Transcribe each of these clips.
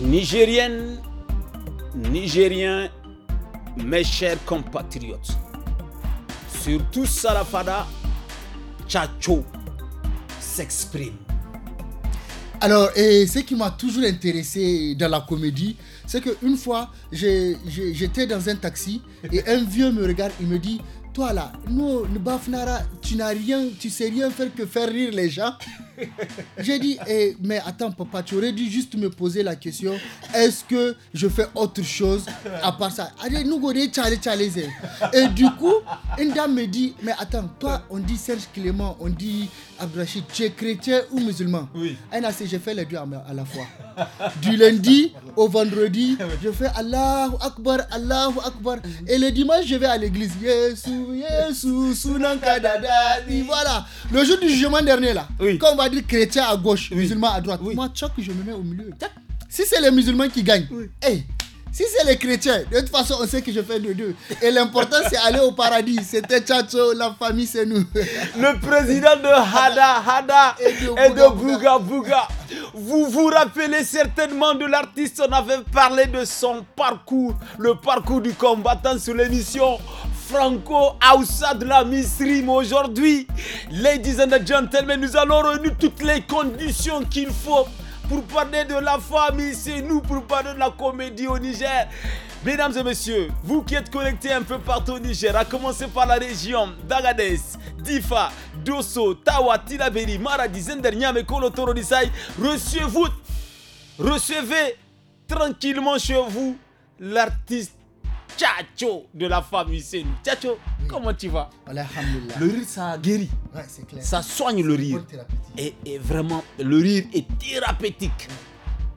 Nigérienne, Nigérien, mes chers compatriotes, surtout Salafada, Tchatcho s'exprime. Alors, et ce qui m'a toujours intéressé dans la comédie, c'est qu'une fois, j'étais dans un taxi et un vieux me regarde, il me dit toi là, nous, Bafnara, tu n'as rien, tu sais rien faire que faire rire les gens. J'ai dit, eh, mais attends papa, tu aurais dû juste me poser la question, est-ce que je fais autre chose à part ça Allez, nous, Et du coup, une dame me dit, mais attends, toi, on dit Serge Clément, on dit Abdrachid, tu es chrétien ou musulman Oui. Elle a j'ai fait les deux à la fois. Du lundi au vendredi, je fais Allahu Akbar, Allahu Akbar. Et le dimanche, je vais à l'église. Yesu, voilà. Le jour du jugement dernier, là, quand on va dire chrétien à gauche, musulman à droite, moi, que je me mets au milieu. Si c'est les musulmans qui gagnent, si c'est les chrétiens, de toute façon, on sait que je fais de deux. Et l'important, c'est aller au paradis. C'était Tchatcho, la famille, c'est nous. Le président de Hada Hada et de, Bouga Vous vous rappelez certainement de l'artiste, on avait parlé de son parcours, le parcours du combattant sur l'émission Franco Aoussa de la Misrim aujourd'hui. Ladies and gentlemen, nous allons réunir toutes les conditions qu'il faut pour parler de la famille. C'est nous pour parler de la comédie au Niger. Mesdames et messieurs, vous qui êtes connectés un peu partout au Niger, à commencer par la région d'Agadez, Difa, Dosso, Tawa, Tilaberi, Maradi, Zenderniam et Kolotoro recevez-vous, recevez tranquillement chez vous l'artiste Ciao de la famille Hussein. Ciao. Mm. comment tu vas Le rire, ça guérit. Ouais, clair. Ça soigne le rire. Et, vraiment, le rire est thérapeutique.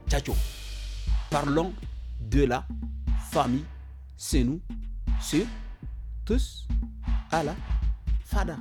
Ciao. parlons de la famille. C'est nous, c'est tous à la fada.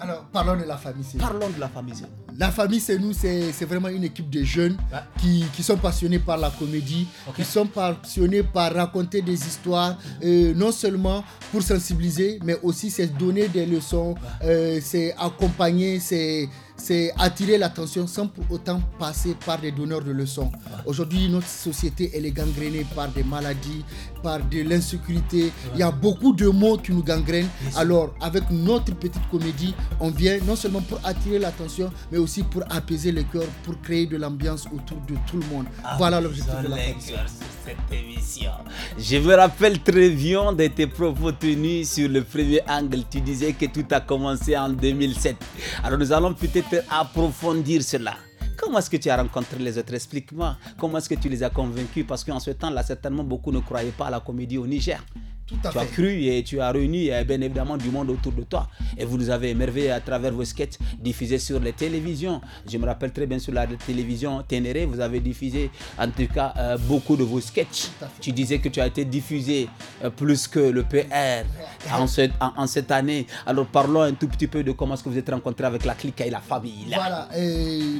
Alors, parlons de la famille. Parlons de la famille. La famille, c'est nous, c'est vraiment une équipe de jeunes qui, sont passionnés par la comédie, qui sont passionnés par raconter des histoires, euh, non seulement pour sensibiliser, mais aussi c'est donner des leçons, euh, c'est accompagner, c'est c'est attirer l'attention sans pour autant passer par des donneurs de leçons. Aujourd'hui, notre société, elle est gangrénée par des maladies, par de l'insécurité. Il y a beaucoup de mots qui nous gangrènent. Alors, avec notre petite comédie, on vient non seulement pour attirer l'attention, mais aussi aussi pour apaiser les cœurs, pour créer de l'ambiance autour de tout le monde. Ah, voilà l'objectif de la cette émission. Je me rappelle très bien de tes propos tenus sur le premier angle. Tu disais que tout a commencé en 2007. Alors nous allons peut-être approfondir cela. Comment est-ce que tu as rencontré les autres Explique-moi. Comment est-ce que tu les as convaincus Parce qu'en ce temps-là, certainement, beaucoup ne croyaient pas à la comédie au Niger tu as cru et tu as réuni eh bien évidemment du monde autour de toi. Et vous nous avez émerveillé à travers vos sketchs diffusés sur les télévisions. Je me rappelle très bien sur la télévision Ténéré, vous avez diffusé en tout cas euh, beaucoup de vos sketchs. Tu disais que tu as été diffusé euh, plus que le PR en, cette année. Alors parlons un tout petit peu de comment est-ce que vous êtes rencontré avec la clique et la famille. voilà Voilà.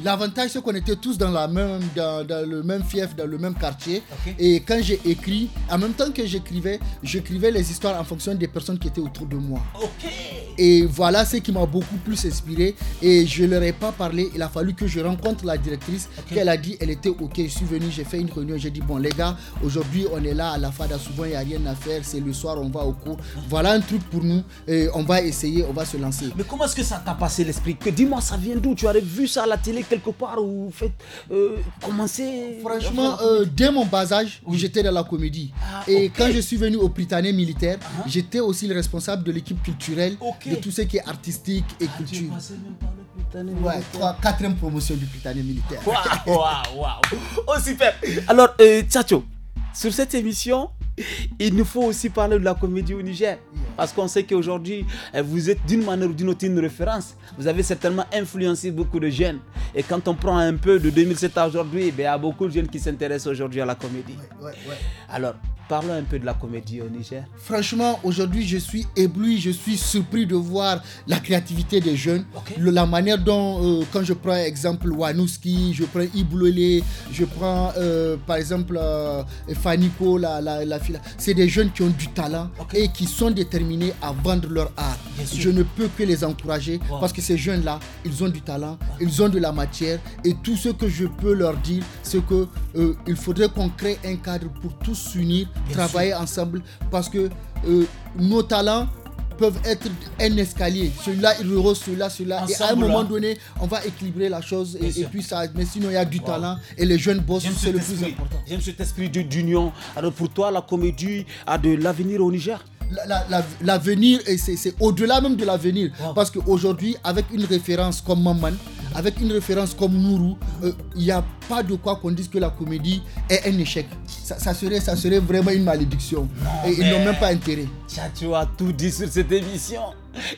L'avantage c'est qu'on était tous dans, la même, dans, le même fief, dans le même quartier. Et quand j'ai écrit, en même temps que j'écrivais, j'écrivais les histoires en fonction des personnes qui étaient autour de moi. ok Et voilà ce qui m'a beaucoup plus inspiré. Et je ne leur ai pas parlé. Il a fallu que je rencontre la directrice. Qu'elle a dit, elle était OK. Je suis venu, j'ai fait une réunion. J'ai dit, bon, les gars, aujourd'hui, on est là à la FADA. Souvent, il n'y a rien à faire. C'est le soir, on va au cours. Voilà un truc pour nous. on va essayer, on va se lancer. Mais comment est-ce que ça t'a passé l'esprit Dis-moi, ça vient d'où Tu avais vu ça à la télé quelque part ou fait euh, commencer Franchement, euh, dès mon bas âge, où j'étais dans la comédie. Ah, et quand je suis venu au Britannique, militaire, ah, ah. j'étais aussi le responsable de l'équipe culturelle, de tout ce qui est artistique et ah, culture. Tu ouais, quatrième promotion du Britannique militaire. Waouh, waouh, waouh. Oh, super. Alors, euh, sur cette émission, il nous faut aussi parler de la comédie au Niger. Parce qu'on sait qu'aujourd'hui, euh, vous êtes d'une manière ou d'une autre une référence. Vous avez certainement influencé beaucoup de jeunes. Et quand on prend un peu de 2007 à aujourd'hui, eh il y a beaucoup de jeunes qui s'intéressent aujourd'hui à la comédie. Alors, Parlons un peu de la comédie au Niger. Franchement, aujourd'hui, je suis ébloui, je suis surpris de voir la créativité des jeunes. la manière dont, euh, quand je prends exemple Wanouski, je prends Iblolé, je prends euh, par exemple euh, Fanico, la, la, c'est des jeunes qui ont du talent et qui sont déterminés à vendre leur art. Je ne peux que les encourager parce que ces jeunes-là, ils ont du talent, ah. ils ont de la matière et tout ce que je peux leur dire, c'est que euh, il faudrait qu'on crée un cadre pour tous s'unir, travailler ensemble, parce que euh, nos talents peuvent être un escalier. Celui-là, il rehausse celui-là, celui-là. Et à un moment donné, on va équilibrer la chose. Et, puis ça, mais sinon, il y a du talent. Et les jeunes boss, c'est le plus important. J'aime cet esprit d'union. Alors pour toi, la comédie a de l'avenir au Niger L'avenir, c'est au-delà même de l'avenir. Parce qu'aujourd'hui, avec une référence comme Maman, avec une référence comme Nourou, il euh, n'y a pas de quoi qu'on dise que la comédie est un échec. Ça, serait, ça serait vraiment une malédiction. et ils n'ont même pas intérêt. Tu a tout dit sur cette émission.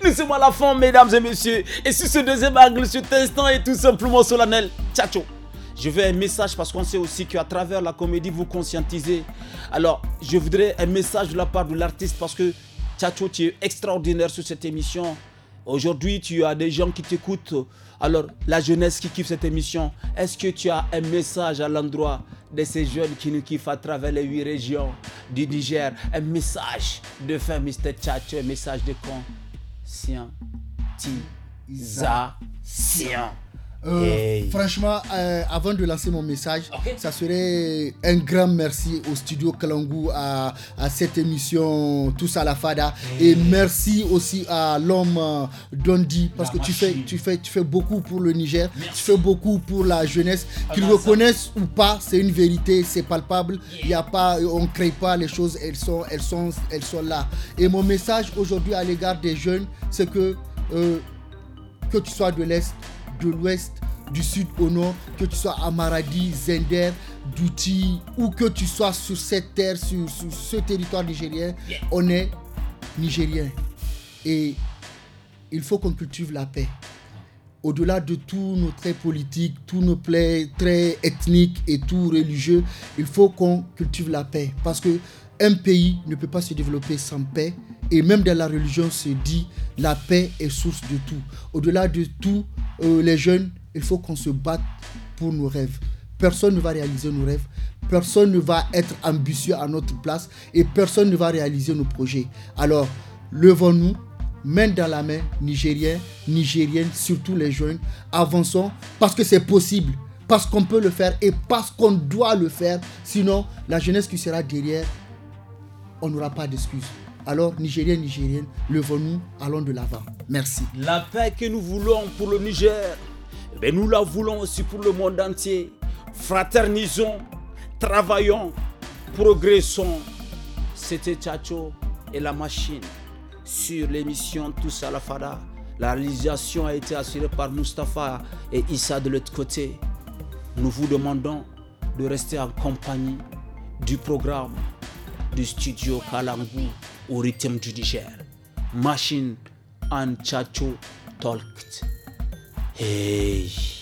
Nous sommes à la fin, mesdames et messieurs. Et sur ce deuxième angle, cet instant est tout simplement solennel. Tchatcho. Je veux un message parce qu'on sait aussi qu'à travers la comédie, vous conscientisez. Alors, je voudrais un message de la part de l'artiste parce que Tchatcho, tu es extraordinaire sur cette émission. Aujourd'hui, tu as des gens qui t'écoutent. Alors, la jeunesse qui kiffe cette émission, est-ce que tu as un message à l'endroit de ces jeunes qui nous kiffent à travers les huit régions du Niger Un message de fin, Mr. Tchatch, un message de conscientisation. Euh, franchement, euh, avant de lancer mon message, ça serait un grand merci au studio Kalangu à, cette émission Tous à la Fada et merci aussi à l'homme euh, Dondi parce que tu fais, tu fais, tu fais beaucoup pour le Niger, tu fais beaucoup pour la jeunesse. Ah, Qu'ils reconnaissent ou pas, c'est une vérité, c'est palpable. Il ne a pas, on crée pas les choses, elles sont, elles sont, elles sont là. Et mon message aujourd'hui à l'égard des jeunes, c'est que que tu sois de l'est de l'ouest, du sud au nord, que tu sois à Maradi, Zender, Douti, ou que tu sois sur cette terre, sur, ce territoire nigérien, on est nigérien. Et il faut qu'on cultive la paix. Au-delà de tous nos traits politiques, tous nos traits ethniques et tout religieux, il faut qu'on cultive la paix. Parce que un pays ne peut pas se développer sans paix. Et même dans la religion se dit, la paix est source de tout. Au-delà de tout, euh, les jeunes, il faut qu'on se batte pour nos rêves. Personne ne va réaliser nos rêves, personne ne va être ambitieux à notre place et personne ne va réaliser nos projets. Alors, levons-nous, main dans la main, Nigériens, Nigériennes, surtout les jeunes, avançons parce que c'est possible, parce qu'on peut le faire et parce qu'on doit le faire. Sinon, la jeunesse qui sera derrière, on n'aura pas d'excuses. Alors, Nigériens, Nigériennes, levons-nous, allons de l'avant. Merci. La paix que nous voulons pour le Niger, mais eh nous la voulons aussi pour le monde entier. Fraternisons, travaillons, progressons. C'était Tchacho et la machine sur l'émission Tous à la Fada. La réalisation a été assurée par Mustafa et Issa de l'autre côté. Nous vous demandons de rester en compagnie du programme du studio Kalangu au rythme judiciaire. Machine and Chacho Talked. Hey!